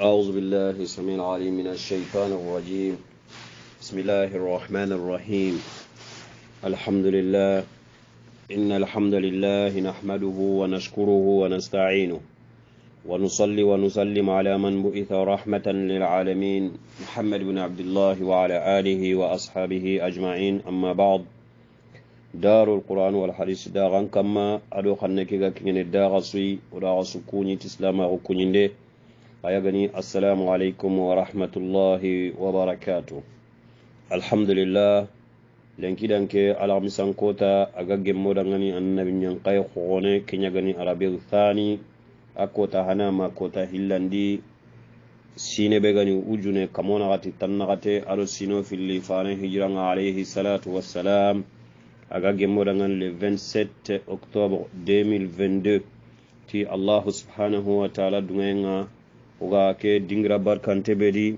أعوذ بالله السميع العليم من الشيطان الرجيم بسم الله الرحمن الرحيم الحمد لله إن الحمد لله نحمده ونشكره ونستعينه ونصلي ونسلم على من بعث رحمة للعالمين محمد بن عبد الله وعلى آله وأصحابه أجمعين أما بعد دار القرآن والحديث داغا كما أدوخنك كين الداغسي وداغ سكوني تسلاما وكونين يا بني السلام عليكم ورحمة الله وبركاته الحمد لله lenki danke alamisan kota aga gemmoda ngani annabi nyankay khone kenya gani arabil thani akota hana ma kota hillandi sine be gani ujune kamona gati tannagate alo sino filli fane hijranga alayhi salatu wassalam aga gemmoda ngani le 27 octobre 2022 ti allah subhanahu wa ta'ala dungenga وغا كي دينغرا باركانتي بيدي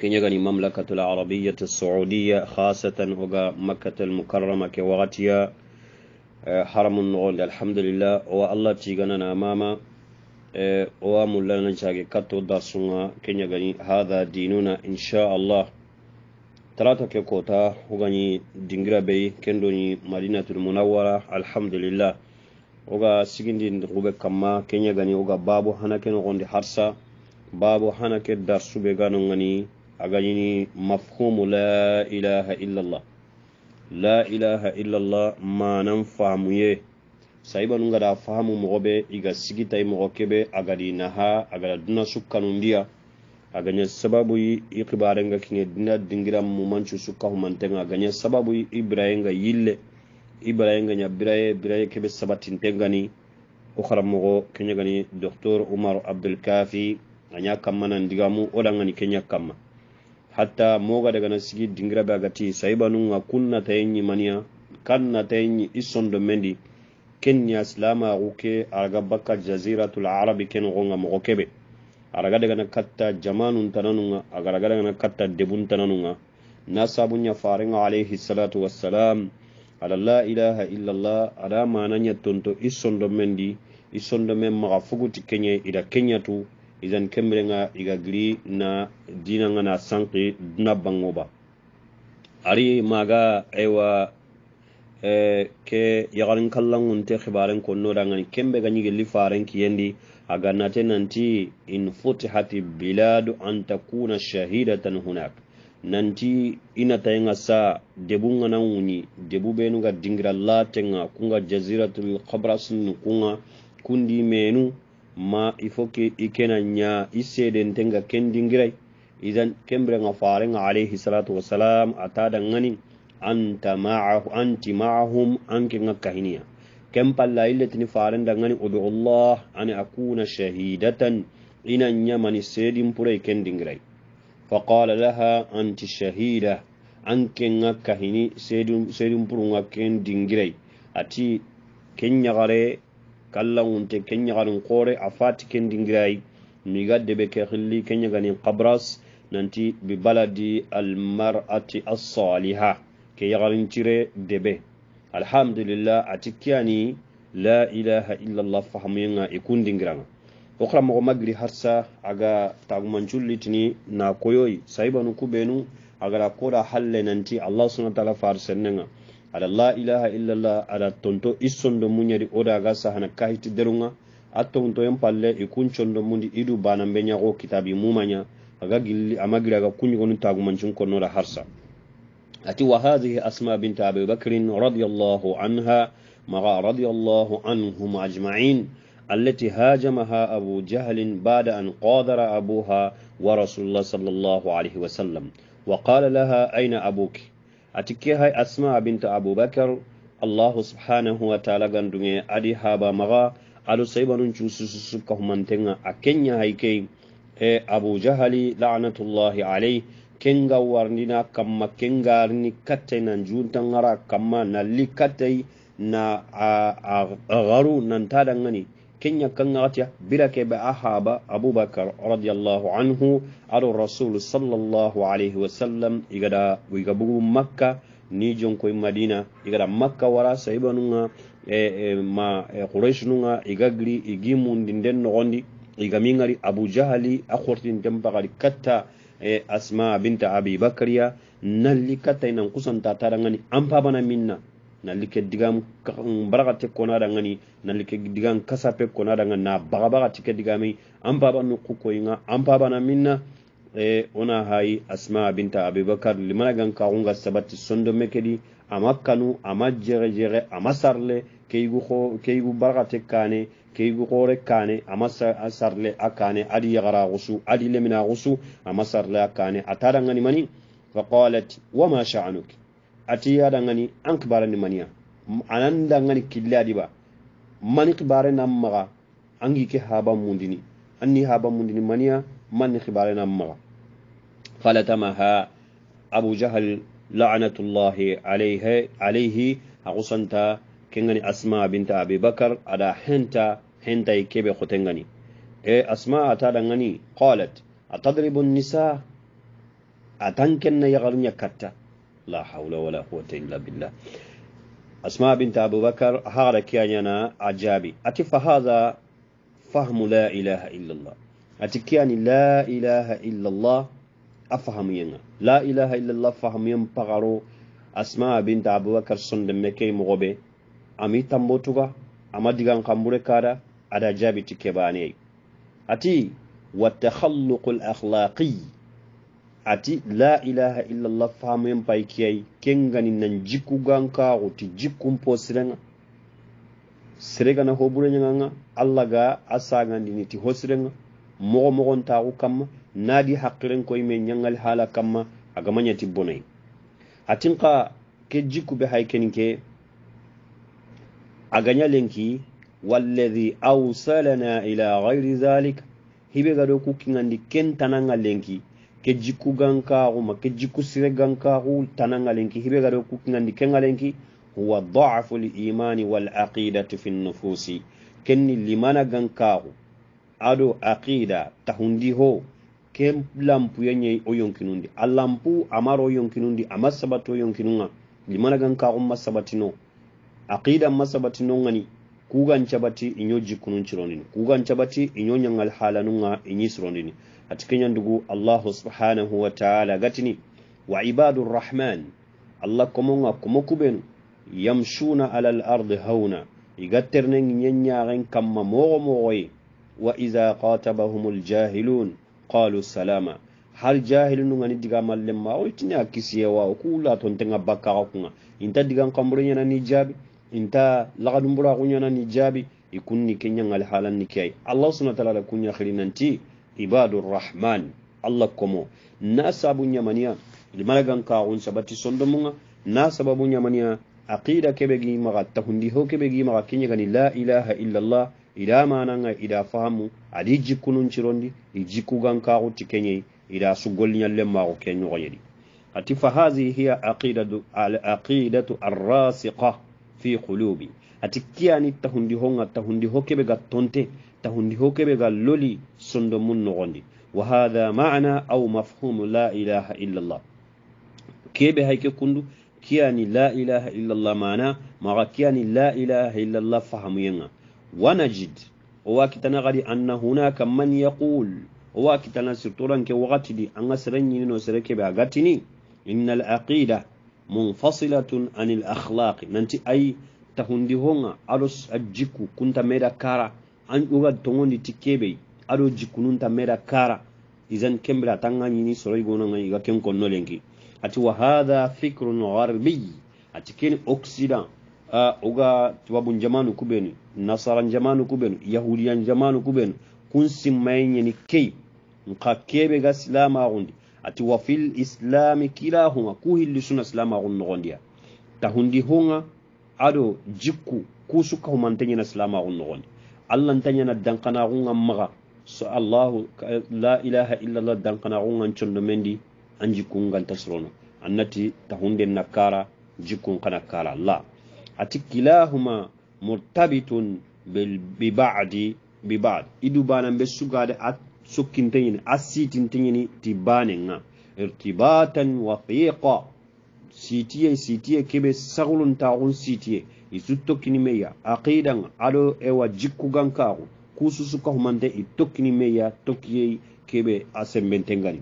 كنيغاني مملكة العربية السعودية خاصة وغا مكة المكرمة كي كوغاتيا حرم النغول الحمد لله الله تيغانا ماما مولانا جاكي كاتو دارسونا كنيغاني هذا ديننا إن شاء الله تراتا كي كوتا وغاني دينغرا بي كندوني مدينة المنورة الحمد لله oga sigindi ngube kamma kenya gani oga babo hanake nogondi harsa babo hanake darsube gano ngani agañini mafhumu la ilaha illallah la ilaha illallah manan famuye sayibanu ngada fahamu mogobe iga sigitai mogo kebe agadi naha agada duna sukkanundiya agaña sababuyi i xibarenga kine dina dingira mumancu sukkahumantenga agaña sababuyi ibrahinga yille ibarayenga nyabiraye biraye kebe sabatintengani okharamogo kenyagani docteur umar abdulkafi anya kamma nan digamu odangani kenya kamma hatta moga daga na dingira be agati sayibanunga kunna tayenyi maniya kanna tayenyi isondo mendi kenya silama ruke araga bakka jaziratul arabi ken gonga mogo kebe araga daga na katta jamanun tananunga agaraga daga na katta debun tananunga nasabunya faringa alayhi salatu wassalam ala la ilaha illallah ada mananya tonto isondo mendi isondo men maga fuguti kenye ida tu izan kemrenga gri na dina nga na sanki duna bangoba ari maga ewa e, ke yagarin kallangun te khibaren konno dangani kembe ga nyige lifaren kiyendi aga nate nanti in futihati biladu an takuna shahidatan hunaka nanti ina tayinga sa debu ngana wuni debu benu ga dingira latenga kunga jaziratul qabras nu kunga kundi menu ma ifoke ikena nya isede ntenga kendingirai idan kembre nga farenga alayhi salatu wassalam atada ngani anta ma'ahu anti ma'ahum anke nga kahiniya kem palla illetini farenda ngani udu allah ani akuna shahidatan ina nya mani sedim purai kendingirai فقال لها أنت شهيدة أنك كهني سيدم سيدم برونغا كين دينغري أتي كن يغري كلا وانت كن يغري قوري أفات كن دينغري ميغاد دبي كخلي كن يغني قبرس ننتي ببلدي المرأة الصالحة كي يغري تيري دبي الحمد لله أتكياني لا إله إلا الله فهمينا يكون دينغرانا wokra mogo magiri harsa aga tagumancullitini na koyoyi sayibanu kubenu agara koda halle nanti allah subhanahu wa ta'ala farsennenga ada la ilaha illallah ada tonto issondo munyadi oda aga sahana kahiti derunga atonto yen palle ikuncondo mundi idu banambe ñago kitabi mumanya aga gilli amagiri aga kuñugonu tagumancin konnoda harsa ati wa hadhihi asma bint abi bakrin radiallahu anha maga radiallahu anhum ajmain التي هاجمها أبو جهل بعد أن قادر أبوها ورسول الله صلى الله عليه وسلم وقال لها أين أبوك أتكيها أسماء بنت أبو بكر الله سبحانه وتعالى قندني أدي هابا مغا ألو سيبان جوسوسك همانتنا أكنيا هيكي إيه، أبو جهل لعنة الله عليه kenga warnina كما kengarni kattay nan juntangara kamma nalli kattay na a garu nan taɗangani كنيا كنغاتيا بلاك بأحاب أبو بكر رضي الله عنه على الرسول صلى الله عليه وسلم إغدا ويغبو مكة نيجون كوي مدينة إغدا مكة ورا سيبانونا إيه، إيه، ما إيه، قريشنونا إغاقري إغيمون دندن نغندي إغامينغري أبو جهلي أخورتين تنبغري كتا asma binta abi bakariya nalli katta inan kusanta tarangani an fabana minna nalike digam baragate kona ngani nalike digam kasape kona ngani na baga ke digami an baba nu kukoyinga an baba na minna e ona hayi asma binta abubakar limana gan unga sabati sondo mekedi ama kanu ama jerejere ama sarle keigu baragate kane keigu xore kane ama sarle akane adi yagara gusu adi lemina gusu ama sarle a atara ngani mani faqalat wama sha'anuki ati da ngani an kibaran maniya anan da ngani killa diba mani kibara na maga an ke haba mundini an ni haba mundini maniya man kibara na maga qala tamaha abu jahal la'natullahi alayhi alayhi aqusanta kengani asma binta abi bakar ada henta henta ikebe khotengani e asma ata da ngani qalat atadribu an-nisa atankenna yagalunya katta لا حول ولا قوة إلا بالله أسماء بنت أبو بكر هذا كيانينا عجابي أتي فهذا فهم لا إله إلا الله أتي كياني لا إله إلا الله أفهم ينا لا إله إلا الله فهم ين بغرو أسماء بنت أبو بكر صند مكي مغبي أمي تنبوتوغا أما ديغان قمبوري كارا أدا جابي تكيباني أتي والتخلق الأخلاقي ati la ilaha illallah famuyen bay kiyay kengani nan jikkugan kaxu ti jikkunpo sirenga seregana hoɓureñaganga allah ga a sagandini ti ho sirenga moxo moxontaxu kamma nadi haqiren koy me ñangal hala kamma a gamañati bonay atin xa ke jikkube hay kenin ke a gaña lenki wallahi awsalana ila gayri zalik hiɓe gaɗo kukkingandi kentananga lenki ke jikku gankaxu ma ke jikku sire gankaxu tananŋalenki hiregare kukinŋandi kenŋalenki huwa dafu liimani walaqidati fi nufusi kenni limana gankaxu ado aqida tahundi ho ke lampuye ɲe wo yonkinundi a lampu amaro wo yonkinundi ama sabati wo yonkinunŋa limana gankaxu ma sabatino aqida ma sabatino ŋani kugan cabati iɲo jikkunun cironini kugan cabati iɲo ɲaŋal halanunŋa iɲi sirondini a cikin yandugu allah subhanahu wa ta'ala gatini wa ibadur rahman allah komonga kuma kuben yamshuna alal ardi hauna igatternen ñeñaren kamma moxo moxoye wa ida qatabahum jahilun qalu salama hal jahilunungani diga ma o tuni a kisiyewa o ku latontenga ko kunga inta digan xamburo ni jabi inta laxadumburaxu ñanani ni i kunni ke ñangali halanni ni ay allah subhana taala la kuña ti. ibadu rahman allah komo na sabu ñamaniya ilmaragan kaxun sabati sondomunga na sababu ñamaniya aqida keɓe gi maxa tahundi ho keɓe gi maxa keñegani la ilaha illallah ida mananga ida fahamu adi jikkununtirondi i jikkugan kaxuti keñei ida sugolliñallen maxo ke ñoxoyedi ati fa hadihi hiya aqidatu alaqidatu arrasiqa fi qulubi ati kiyani tahundi honga tahundi ho keɓe ga tonte hundi hokeɓegal loli sondo mum nogondi wa hada mana aw mafhumu la ilaha illallah keɓe hayke kundu kiyani la ilaha illallah mana maga kiyani la ilaha illallah fahamuyenga ونجد وواكتنا غادي أن هناك من يقول وواكتنا سرطوران كي وغتدي أن سرني نسرك بأغتني إن العقيدة منفصلة عن الأخلاق ننتي أي تهندهونا أرس أجيكو كنت ميدا كارا an uga togondi ti kebe ado jikunun ta meda kara izan kembra tanga nyini soro igona nga iga ken konno lengi ati wa hadha fikrun gharbi ati ken oksida uh, uga tubabu njamanu kubenu nasara njamanu kubenu yahudiya njamanu kubenu kun simmayenye ni kei nka kebe ga silama gundi ati wa fil islami kila ku hilli suna silama gun nogondiya tahundi hunga ado jiku kusuka humantenye na silama gun nogondi allah ntañana dankanaxungan maxa so allahu la ilaha illallah dankanaxungan condo men di an jikkunganta sorono annati tahunden na kara jikkun kana kara la ati kilahuma murtabitun bibadi bibad idu banan be sugade a sukkinteñini a sitinteñini ti banenga irtibatan wathiqa sitiye sitiye keɓe sahuluntaxun sitiye i su tokkinimeya aqidan aɗo ewa jikkugan kaku kususu kahumante i tokkinimeya tokkiyey keɓe a sembentengani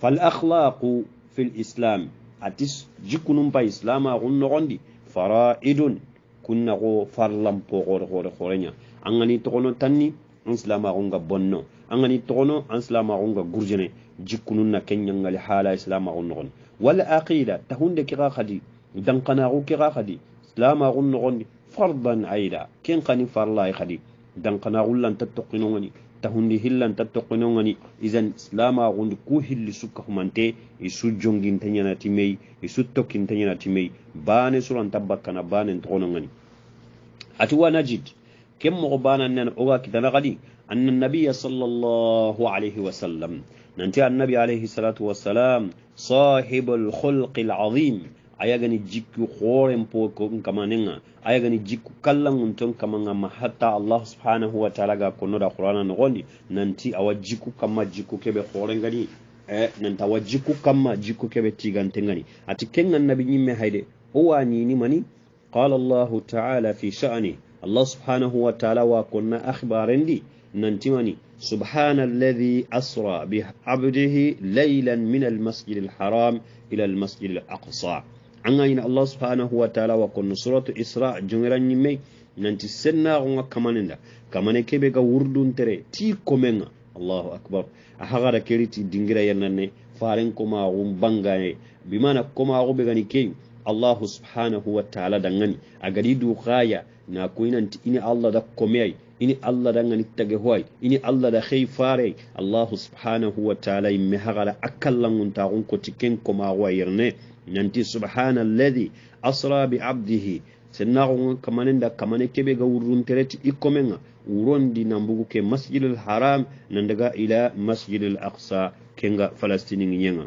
fal akhlaqu fi islam ati jikkunum pa islama kun nogondi faraidun kunnago farlanpo gore gore goreya an gani togono tanni an silamaxunga bonno a gani togono an silamaxunga gurjene jikkunun na kenyangali hala islamaxun noxon wala aqida tahunde kixa xadi danqanaxu kixa xadi لا ما غن غني فرضا عيدا كين قني فرلا يخدي دان قنا غلا تتقنوني تهندي هلا تتقنوني اذا اسلاما غند كو هل سوك همانتي يسو جونغين تنينا تيمي يسو توكين تنينا تيمي بان سوران تبكنا بان تغنوني اتوا نجد كم مغبانا نن اوغا كدنا غدي ان النبي صلى الله عليه وسلم ننتهي النبي عليه الصلاه والسلام صاحب الخلق العظيم gani jikku horen po kon kamanenga gani jikku kallangunton kamanga ma hatta allah subhanahu wa taala ga da qur'ana gondi nanti awa jikku kama jikku keɓe horengani e eh, nanta awa jikku kama jikku keɓe tigantengani ati kengan nabi nyimme hayde o ni mani qala Allah taala fi sha'ni allah subhanahu wa taala wa konna nanti mani سبحان الذي أسرى بعبده ليلا من المسجد الحرام إلى المسجد الأقصى an ga allah subhanahu wa ta'ala wa kun suratu isra jungiran me nanti senna ko ga da kamane kebe ga wurdun tere ti komenga allahu akbar a hagara keriti dingira yannanne faren kuma gun bangaye bimana kuma go be gani ke allah subhanahu wa ta'ala dangani agadi du khaya na kuinanti ini allah da komai ini allah da ngani tage hoy ini allah da khay fare allah subhanahu wa ta'ala imme hagara akallangun ta gun ko tiken ko ma wayirne nanti subhanalladhi asra bi abdihi sennaxunga kamanin da kamane kebe ga tereti i komenga di nambugu ke masjidul haram nandaga ila masjidul aqsa kenga falastiniŋi ñenga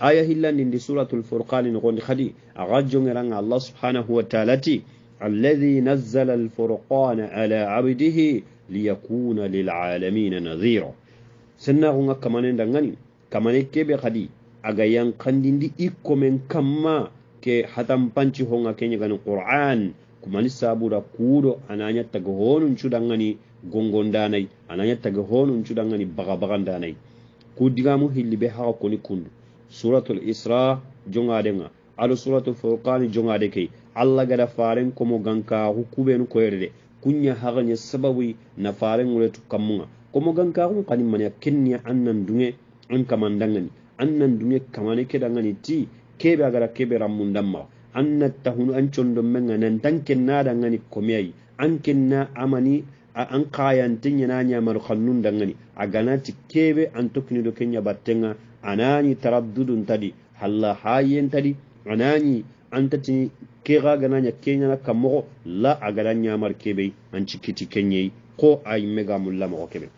aya hillandi ndi suratul furqani nogondi hadi axa jongeranga allah subhanahu wa taala ti الذي نزل الفرقان على عبده ليكون للعالمين نذيرا سنة هنا كمان دعاني كمان كيف خدي أجايان كندين دي إكو من كما كي حتم بانشي هنا كني كان القرآن كمان سابورا كورو أنا نتاج هون شو دعاني gongon danai ananya taga honun cudangani baga-bagan danai ku digamu hilli be hawa koni kundu suratul isra jonga denga alo suratul furqan jonga allah gada faren komo hukube kuɓenu koyere de kunya haxañe sababuy na faren tu kammunga komo gankaxun xani maniya kenniya an annan dunye an kamandangani annan nan dunge ke dangani ti keɓe a gara keɓe rammundanmaxa an nattahunu an condommenga nantan kennaɗangani komeyayi an kenna amani an kayantin yana mar khannun dangani a gana kebe an tukni do kenya battenga anani taraddudun tadi halla hayen tadi anani ke ga gana nya kenya na kamogo la agada nyamar kebe an kiti kenye ko ay mega mulla mo kebe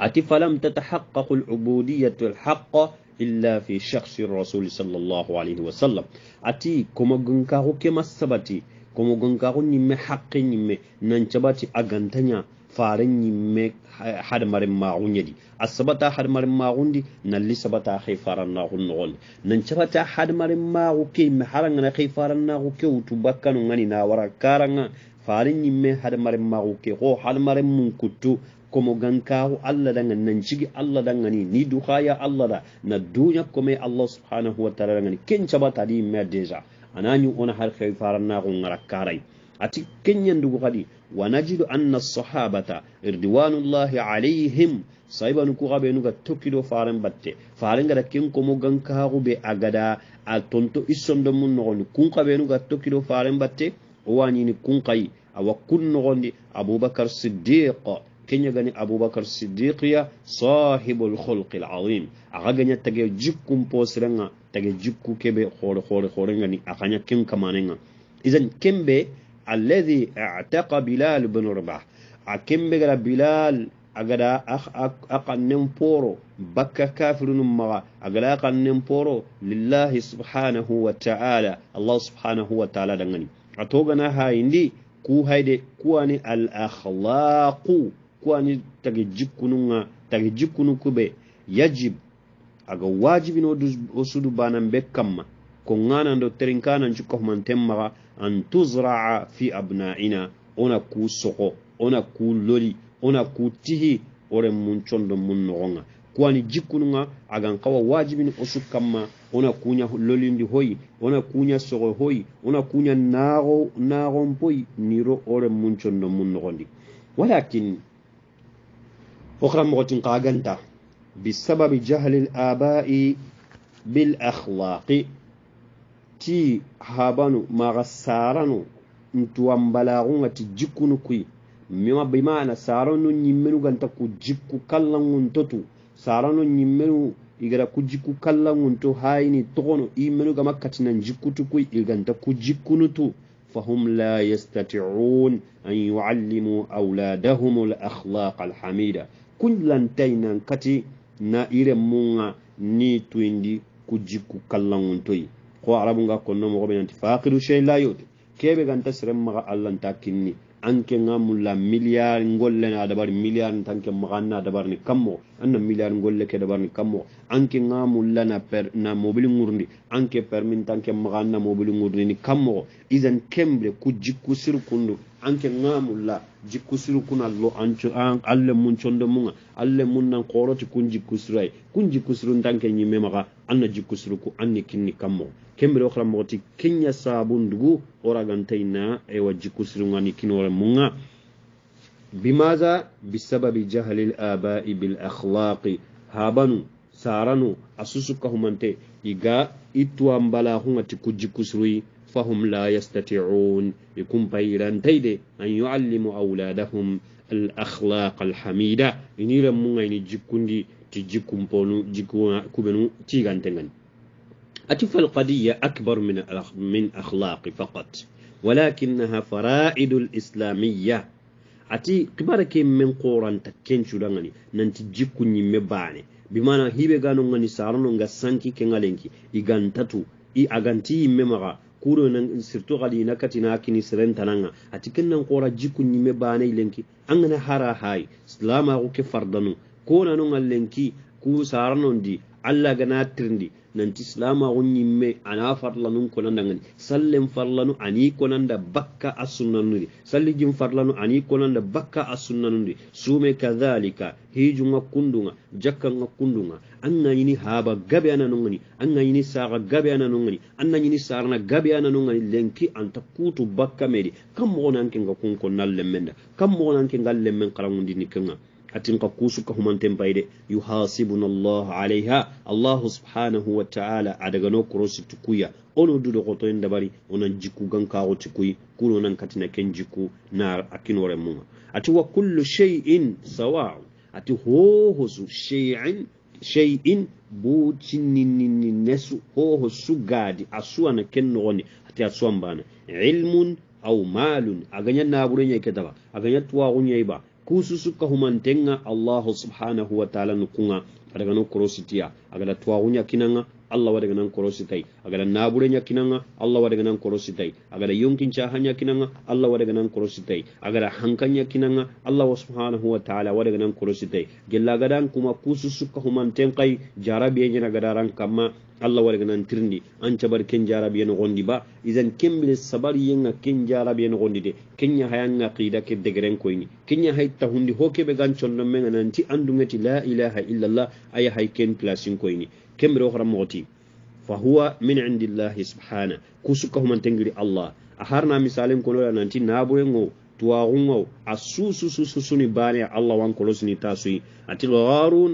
ati falam tatahaqqaqul al illa fi shakhsi rasul sallallahu wa sallam ati kuma ka ko ke masabati kuma ka ko nimme haqqin nimme nan cabati agantanya farin me had marin magun yadi asabata had marin magun di nan lisabata kai faran na hun non nan chabata har marin magu ke me haran na kai faran na ku ke utu bakkanu ngani na wara karanga farin yimme har marin magu ke ko har marin mun kuttu komo gankawo allah danga nan cigi allah danga ni ni duhaya allah da na dunya kome allah subhanahu wa ta'ala danga ni chabata di me deja anani ona har kai faran na ku ngara karai ati keññanndugu kadi wa najidu anna sahabata irdiwanullahi alayhim sahibanu kuxa ɓe nuga tokkido faren batte faren gada kenkomo gankaaxu ɓe a gada a tonto issondo mun noxondi kunxa ɓe nuga tokkido faren batte o wañini kunxayi awa kun noxondi aboubacar siddiq keñagani aboubacar siddiqya sahibul holqi l azim axa geña tage jikkum posirenga tage jikku keɓe xoore xoore xoorengani axaña ken kamanenga isan kembe الذي اعتق bilal بن رباح أكم بغرا بلال agada aqannin poro bakka kafirunun maga agada aqannin poro lillahi subhanahu wa ta'ala Allah subhanahu wa ta'ala dangani a togana hayindi ku haide kuwani al-akhlaqu kuwani tage jikkununga tage jikkunu kube yajib aga wajibin o sudu banan be ko ganando terinkana cukkahumanten maga an tuzraa fi abnaina ona ku soko ona ku loli ona ku tihi oren mun condo mun nogonga kuwani jikkununga agan kawa wajibini o sukkanma ona kuya lolindi hoyi ona kuya soko hoyi ona kuya nagon poyi niro oren mun condo mun nogondi walakin okramogotin kaganta bisababi jahali labai bilahlaki ti habanu magasaranu ntuwa ambalagu ti jikunu kui mima bimana saranu nyimenu ganta ku jikku kallangu ntotu saranu nyimenu igara ku jikku kallangu kallangunto haini togono imenu ga makati na jikutu kui iganta ku jikunu tu fahum la yastati'un jikkunutu فهم لا يستطيعون أن يعلموا أولادهم الأخلاق الحميدة kati na ire munga ni tuindi kujiku كجيكو ntoi قو عربون غا كنو مغو بينا تفاقر شيء لا يود كيف غان تسرم مغا اللان تاكيني أنك نعمل مليار نقول لنا دبار مليار نتانك مغانا دبار نكمو anna milliard golle ke dabarni kammo anke nga mulla na per na mobile ngurndi anke permin tanke maga mobile ngurndi ni kammo izan kembre ku jikku sir kundu anke nga mulla jikku sir kuna lo ancho an alle mun chondo munga alle mun nan qoroti kun jikku sirai kun jikku sirun tanke nyime maga anna jikku sir ku anni kinni kammo kembre okhra moti kenya sabundugu oragantayna ewa jikku sirungani kinore munga بماذا؟ بسبب جهل الآباء بالأخلاق هابنوا سارنوا أسسكهم أنت إيقا إتو أمبالاهم تكجي فهم لا يستطيعون يكون بيران تيدي أن يعلموا أولادهم الأخلاق الحميدة إني لم جيكون دي تجيكم بونو جيكونا كوبنو تيغان تنغن أتف القضية أكبر من من أخلاق فقط ولكنها فرائد الإسلامية ati kibara ke men koranta kencu dangani nanti jikku me bane bi mana hibe gano ngani sarano nga sanki kengalenki tatu i aganti me maga kuro nan sirtu gali na na kini siren tananga a cikin nan kora jikku yi me bane lenki an hara hay islama ko ke fardanu ko na ngalenki ku saranon di allah gana nan nanti silamaxun ñimme ana farlanun konandangani sallen farlanu ani konanda bakka a sunnanudi salli jin farlanu ani konanda bakka a sunnanudi sume kadhalika hijunga kundunga jakkanga kundunga an yi ni haba nun gani an ga gabi ana nun gani an na gabi sarana nun gani lenki an ta kutu bakka medi kam moxo na kenga kun na lemmenda kam moxo nan kenga lemmen ni kan. atin ka kusuka humanten yu yuhasibuna allah alaiha allah subhanahu wa ta'ala daga no kurosi tukuya ono dudu koto en dabari onan jiku gan kawo tukui kuro nan katina ken jiku na akinore munga ati wa kullu shay'in sawa'un ati hohosu shay'in shay'in bucinininesu hohosu gadi asuwa na ken nogoni ati asuwan bana ilmun au malun a ganyen na gurin yake daba a ganyen tuwa yayi ba kususu kahumantenga allahu subhanahu wataala nukunga adagano korositiya agada twaxuɲa kinanga allah wadaga nan korositay agada nabure ñakkinanga allah wadaga nan korositay agada yonkincaha ñakkinanga allah wadaga nan korositay agada hanka ñakkinanga allah subhanahu wa taala wadaga nan korositay gellagadan kuma kususukka humanten kay jarabiyeñena gadaran kamma allah wadaga nan tirndi an cabar ken jarabiye nogondi ba isan kembile sabariyenga ken jarabiye nogondi de kenya hayanga qida ke degeren koyni kenya hay tahundi ho keɓe gan collo menga nanti andugeti la ilaha illallah aya hay ken placin koyni كم روغرا موتي فهو من عند الله سبحانه كوسكه من تنجري الله أهارنا مثالين كنولا ننتي نابوينغو تواغونغو أسوسوسوسوني باني الله وان كولوسني تاسوي أتي غارون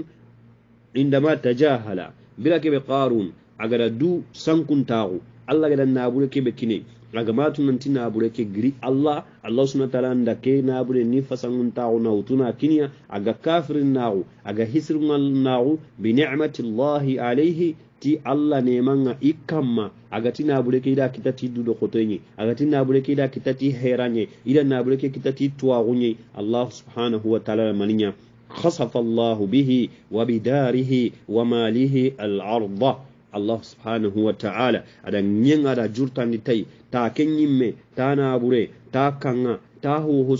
عندما تجاهل بلا كبه قارون أغدا دو سنكن تاغو الله غدا نابوي كبه كيني ragamatu nanti nabure ke giri allah allah suna tala ta'ala nda ke nabure ni fasangun ta'u na utuna kiniya aga kafirin na'u aga hisirun na'u bi ni'mati allahi alaihi ti allah nemanga i kamma agati nabure ke ida kita ti dudo kotoye agati nabure ke ida kita ti heranye na nabure ke kita ti gunye allah subhanahu wa ta'ala maninya bihi wa به wa وماله الأرض allah subhanahu wa ta'ala ada nyenga da jurtandi tai ta ken yimme ta bure ta kanga ta hoho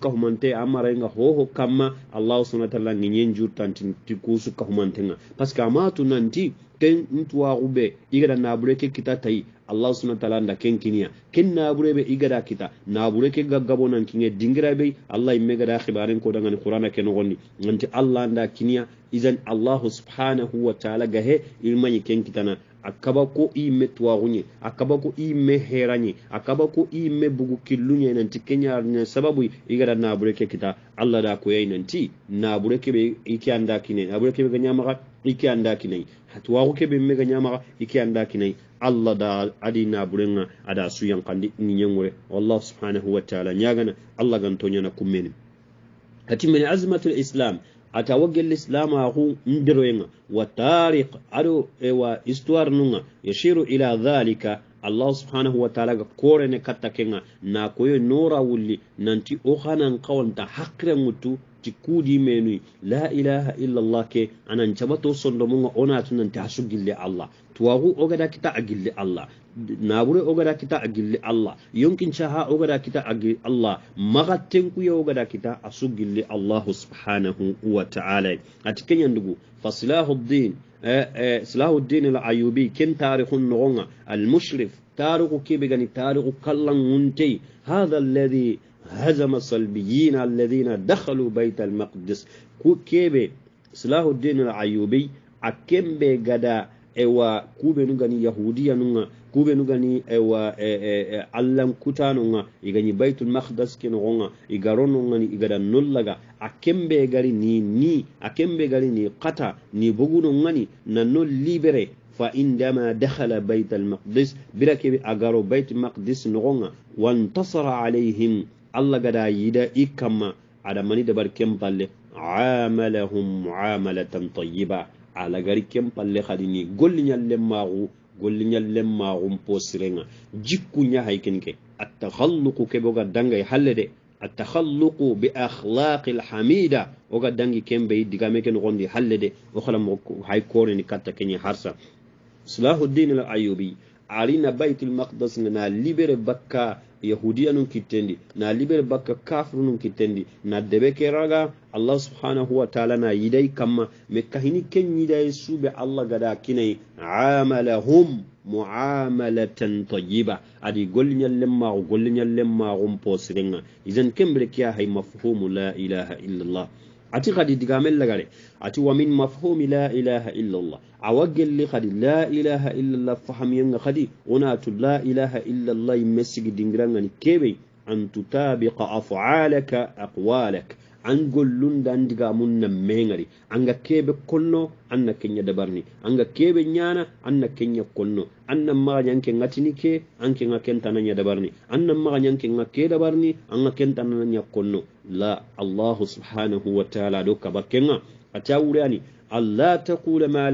ka humante ho ho kama allah subhanahu wa ta'ala ngenyen jurtanti tikusuka humantenga parce que amatu nanti ken wa ube igada bure ke kita tai allah subhanahu wa ta'ala nda ken kiniya ken bure be igada kita bure ke gaggabo nan kinye dingira be allah imme gada khibarin ko dangane qur'ana ke gonni nganti allah nda kiniya izan allah subhanahu wa ta'ala gahe ilmani ken kitana akaba ko imme tuwaxuɲe akaba ko imme heraɲe akaba ko imme bugu killuɲe nanti keɲarne sababu i na bure ke kita allah da koyayi nanti ti na i ke anda na bure ke be ganyama i iki anda kinayi tuwaxu kebe be me ganyama i iki anda kine allah da adi naburenga ada suyankandi ni yengore wallahu subhanahu wa taala ñagana allah gantoñana kummeni hati min azmatul islam ata wagel islam ahu ndiroyenga wa tariq aɗo ewa histoire nunga yashiru ila dhalika allah subhanahu wa taala ga korene katta kenga na koyo nora wuli nanti o hanan kawanta hakre ŋuttu ti kuudi la ilaha illallah ke anan chabato sondomunga onatu nanti ha sugille allah توغو اوغدا كتا اجل الله نابوري اوغدا كتا اجل الله يمكن شها اوغدا كتا اجل الله مغتين كو يوغدا كتا اسوغل الله سبحانه وتعالى اتكن يندغو فصلاه الدين سلاه الدين العيوبي كن تاريخ النغون المشرف تاريخ كيبغاني تاريخ كلان هذا الذي هزم الصلبيين الذين دخلوا بيت المقدس كيبي سلاه الدين الايوبي أكيم بغدا ewa kube nu gani yahudiya nunga kube nu gani ewa e, e, e, allam kuta nunga iganyi baitul maqdas ke nunga igaro nga ni igada nullaga akembe gari ni ni akembe gari ni qata ni bugunu nga ni na nol libere fa indama dakhala baitul maqdis birake agaro baitul maqdis nunga wantasara alaihim allah gada yida ikama adamani dabar kempalle amalahum muamalatan tayyiba alagari ken palle hadini golliñallen maxu golliñallen maxum posirenga jikku ñahay ken ke a tahalluku ke boga dangay halle de a tahalluku bi ahlaqi lhamida oga dangi kembeyi digame ke noxondi halle de o halamo hay koreni katta keñi harsa salahuddin al ayubi na baitul maqdis na libere bakka yahudiya nun kitendi na libere bakka kafir nun kitendi na debe raga allah subhanahu wa taala na yidai kamma me kahini ken yidai be allah gada kinai amalahum mu'amalatan tayyiba adi golliñallen maago golliñallen maagon posirenga isen kembere kiya hay mafhumu la ilaha illallah أتي قد يتقامل لك أتي ومن مفهوم لا إله إلا الله أوجل لي قد لا إله إلا الله فهم ينغ قد ونات لا إله إلا الله يمسك دينغران كيبي أن تتابق أفعالك أقوالك angol lundan diga mum na meŋari anga keɓe konno anna keña dabarni anga keɓe ñana anna keña konno anna magañanke gatini ke anke ga kentananña dabarni anna magañanke ga ke dabarni anga kentananña konno la allahu subhanahu wa taala ɗo kaba kega aca wurani alla taqula ma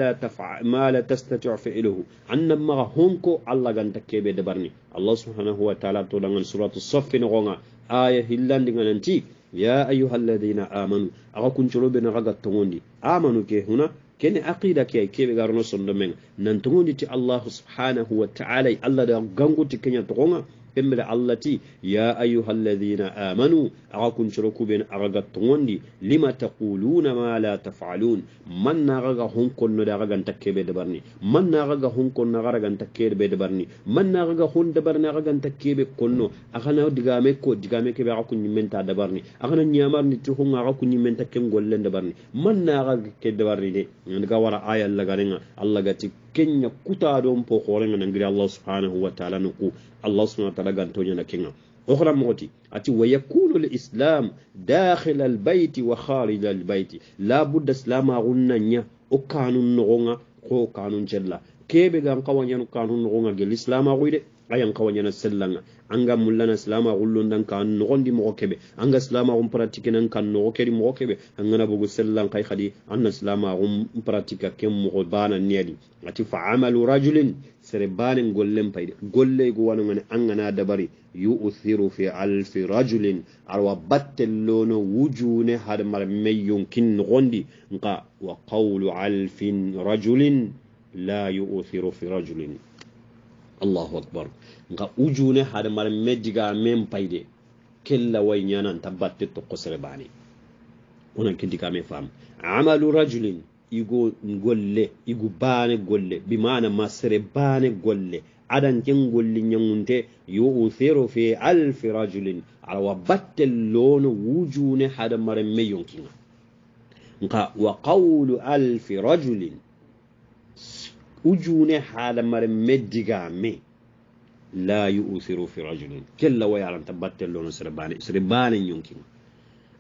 la tastatiu failuhu anna maga honko allah ganta keɓe dabarni allah subhanahu wa taala toɗagan suratu soffe nogoga aya hillandi ga nanti ya na amanu aga na naxaga togondi amanu ke huna kene aqida ke ay keɓe garano sondo men nan togondi ti allahu subhanahu wa taala allah da ganguti kenya togonga bimra allati ya ayyuhalladhina amanu akun churuku a araga wandi lima taquluna ma la taf'alun man na raga hunkon no da raga takke be dabarni man na raga hunkon na raga takke be dabarni man na raga hun dabarni bai takke be konno akana digame ko digame ke be akun nyimenta dabarni akana nyamar ni tu hun akun nyimenta ken gollen dabarni man na raga ke dabarni de ngaga wara ayal lagarenga allah gati كينيا كوتا دوم po horenga nangiri allah subhanahu wa ta'ala nuku allah subhanahu wa ta'ala أخرى موتي أتي ويكون الإسلام داخل البيت وخارج البيت لا بد إسلام غننيا أو قانون نغنى أو قانون جلا كيف قانون قوانين قانون نغنى الإسلام غيره ayan kawanyana sellanga anga mullana silama gullundan ka nogondi mogo keɓe anga silama gum pratiquenan kan nogo kedi mogo keɓe angana bogu sellan kay hadi anna silama gum pratique ken mogo bana niyadi ati fa amalu rajulin sere banen gollen payde golle go wanogane angana dabari yu'thiru fi alfi rajulin arwa battellono wujune had mara meyyun kin nogondi nka wa qawlu alfin rajulin la yu'thiru fi rajulin allahu akbar nka ujune hadamaren me jiga men payde kella way ñananta batte to kosere bani onan me fam amalu rajulin igo golle igu bane golle bimana masere bane golle adan ken golli ñagunte yo uthero fi alf rajulin arawa batte lono wujune hadamaren me yonkinga nka wa qawlu alf rajulin ujune haala mare me la usiru fi rajulin kella waya battellono sere bane sere bane an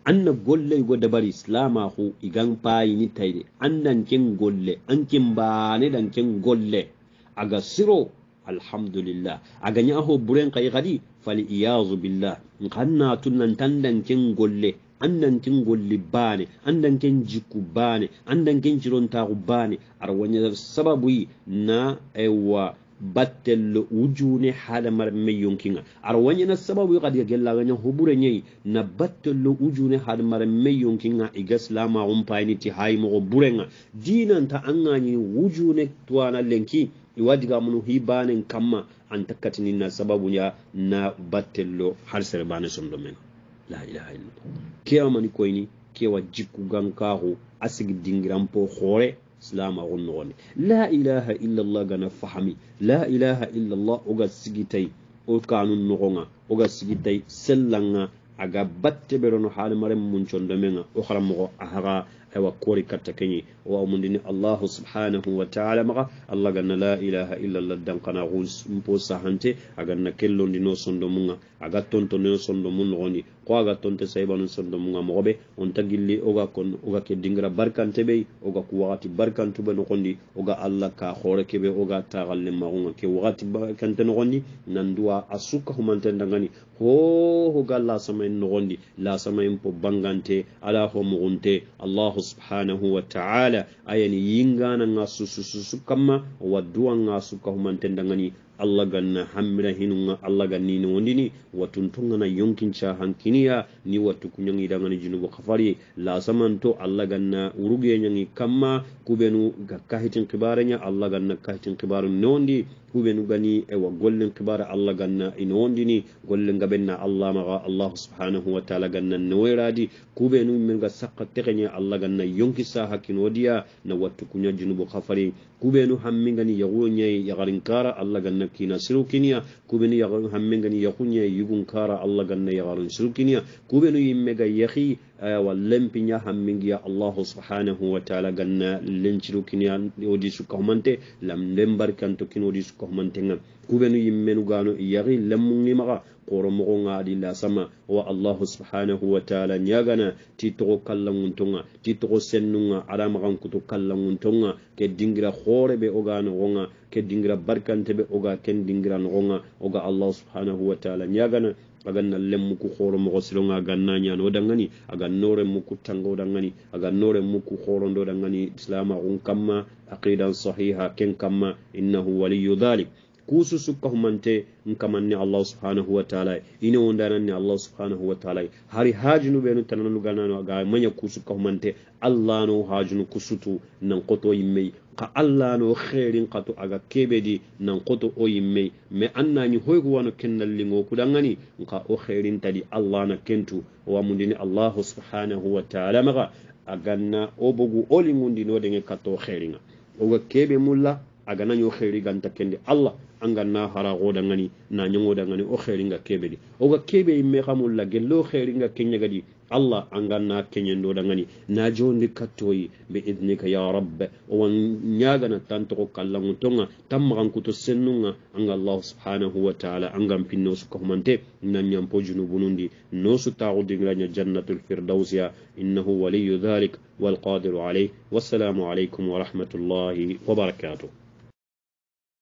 anna golle go dabar islama hu igan ni tayde annan kin golle an anken bane dan kin golle aga siro alhamdulillah aga nyaho buren kai kadi fali iyazu billah nkanna tunnan tan kin golle andan kin golli bane andan kin jikku bane andan jiron cirontaku bane ara sababu yi na aywa battel ujune haala mar me yonkinga ara wañana sababu kadi gellagaña hubure ñayi na battello ujune haala mar me yonkinga e gaslama umpayni ti haymogo burenga dinanta angañi ujune towana lenki iwadigamunu hibanen kamma an antakatini na sababu ya na battello lo sere bane somɗo لا إله إلا الله كي أماني كويني كي واجيك وغانكارو أسيك دينغرام بو خوري سلام أغنواني لا إله إلا الله غانا فحمي لا إله إلا الله أغا سيكي أو كانوا نغونا أغا سيكي تاي سلانا أغا باتي برونو حالي مرم منشون دمينا أخرى مغو أهغا kori كتكني ومندني الله سبحانه وتعالى مغا الله قالنا لا إله إلا الله دان قنا غوز مبوسا هانتي أغانا كلون دي نو سندو مونغا أغا تونتو نو سندو مون غوني ko aga tonte saybanu sondomuga mogoɓe on tagilli oga kon oga ke dingira barkante ɓey oga ku wakati barkantuɓe nogondi oga allah ka hoore keɓe oga tagalle maguga ke wakati barkante nogondi nanduwa a sukka humanten dagani hohoga lasama en nogondi lasama en po bangante ala ho mugunte allah subhanahu wa ta'ala ayani yingana nga sususu kamma waduwa nga sukahumantendangani allah ganna hamira hinunga allah ganni nowondini na yonkin cha hankiniya ni watu kunyangi dangani junubu kafari la samanto allah ganna uruge nyangi kama kubenu kahitin kibareña allah ganna kahitin kibaru wondi kubenu gani ewa gollin kibara allah ganna inowondini gollin gabenna allah maga Allah subhanahu wa taala ganna nweradi kubenu men saka sakka tegeñe allah ganna yonki sa hakkinodiya na wattu kuña junubu kafari kubenu hamingani yaguyoñayi yagarinkara allah ganna kina siru kiniya kubeni yagarun hammengani yakunya yugun kara allah ganna yagarun siru kiniya kubenu yimmega yakhi wallempinya hammingiya allah subhanahu wa ta'ala ganna lenchiru kiniya odi sukkahmante lam lembar kanto kin odi sukkahmante nga kubenu yimmenu gano yakhi lemmungi maga koro nga di la sama wa allahu subhanahu wa taala nyagana ti to togo kallanŋuntonga ti togo sennunga adamagankutu kallanŋuntonga ke dingira hoorebe oga nogonga ke dingira barkante barkantebe oga ken dingira nogonga oga allahu subhanahu wa taala nyagana aga ñagana aganna lemmuku hooro mogo silonga ganna ñano dangani aga nore muku tango dangani aga nore muku horondo dangani islama gun kamma aqidan sahiha ken kamma innahu waliyu dhalik kusu sukka humante nkamanni allah subhanahu wa ta'ala ine wondananni allah subhanahu wa ta'ala hari hajunu benu tananu ganano ga manya kusu ka humante allah no hajunu kusutu nan qoto yimme ka allah no khairin qatu aga kebedi nan qoto o yimme me annani hoygo wano kennal lingo kudangani nka o khairin tadi allah na kentu wa mundini allah subhanahu wa ta'ala maga aganna o bogu o lingundino denge katto khairinga oga kebe mulla agana yo khairi ganta kende allah angan na hara goda ngani na nyongoda ngani o khairinga kebedi ga kebe imme kamulla gello khairinga kenyagadi allah angan na da ngani na jondi katoyi be idnika ya rabbe owa nyagana tantoko kan kuto sennunga anga allah subhanahu wa taala angan pinno sukahumante na nyampo junubunundi nosu taxu dingiranya jannatul firdausia innahu waliyu dhalik والقادر عليه والسلام عليكم ورحمة الله وبركاته